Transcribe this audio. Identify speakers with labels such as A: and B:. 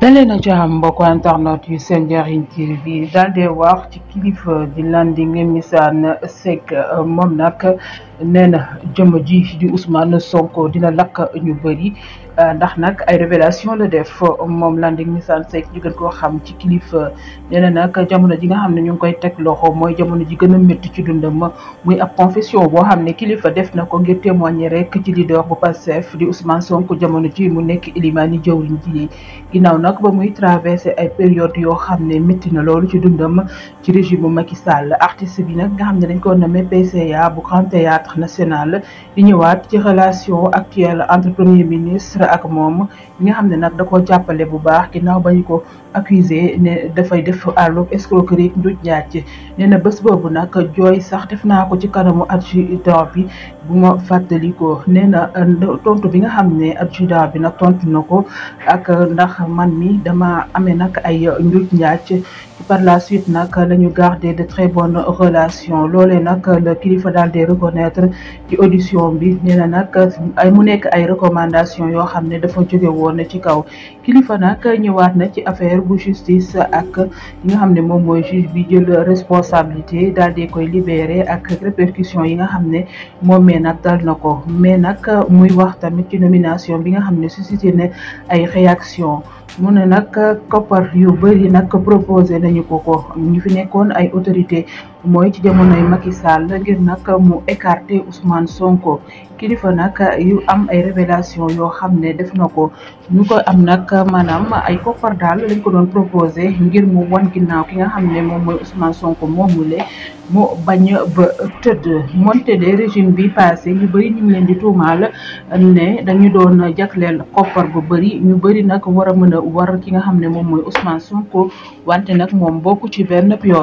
A: dalee na ci am mbokk internet yu seen njariñ TV daal di wax ci kilifa di Landing Missane Seck moom nag nee na ji di Ousmane Sonko dina lak ñu bëri euh, ndax nak ay révélation le def mom Landing Nisan Seck ñu gën koo xam ci kilifa nena nak jamono ji nga xam ne ñu koy tek loxo moy jamono ji gëna metti ci dundam muy ap confession bo xam kilifa def nako ngir témoigner rek ci leader bu Pastef di Ousmane Sonko jamono ji mu nekk Ilimani jëwriñ ji ginnaaw nag ba muy traverser ay période yo xam metti na lolu ci dundam ci régime Macky Sall artiste bi nak nga xam dañ ko nommé PCA bu Grand Théâtre nationale di ñëwaat ci relation actuelle entre premier ministre ak moom bi nga xam ne nag da koo jàppale bu baax ginnaaw ba bañ ko accusé ne dafay def àllub escroquerie nduj njaaj nee na bés boobu nag jooy sax def naa ko ci kanamu adjudant bi bu ma fàttali ko nee na tontu bi nga xam ne adjudant bi nag tontu na ko ak ndax man mi dama amee nag ay nduj njaaj par la suite nak lañu garder de très bonnes relations lolé nak le kilifa dal di reconnaître ci audition bi néna nak ay mu nek ay recommandations yo xamné dafa jóge won ci kaw kilifa nag ñëwaat na ci affaire bu justice ak yi nga xamné mom moy juge bi jël responsabilité dal di koy libérer ak répercussions yi nga xamné ne moom mee dal nako mais nak muy wax tamit ci nomination bi nga xamné ne suscité na ay réactions. mu ne nag koppar yu bëri nag proposé nañu ko ko ñu fi nekkoon ay autorité mooy ci jamonoy Macky Sall ngir nag mu écarté Ousmane Sonko kilifa nag yu am ay révélation yoo xam ne def na ko ñu ko am nag maanaam ay koppar daal lañ ko doon proposé ngir mu wan ginnaaw ki nga xam ne moom mooy Ousmane Sonko moomule mu bañ ba tëdd moonte de régime bi passé ñu bëri ñu ngi leen di tuumaal ne dañu doon jagleel koppar bu bëri ñu bëri nag war a mën a war ki nga xam ne moom mooy Ousmane Sonko wante nag moom bokku ci benn yoon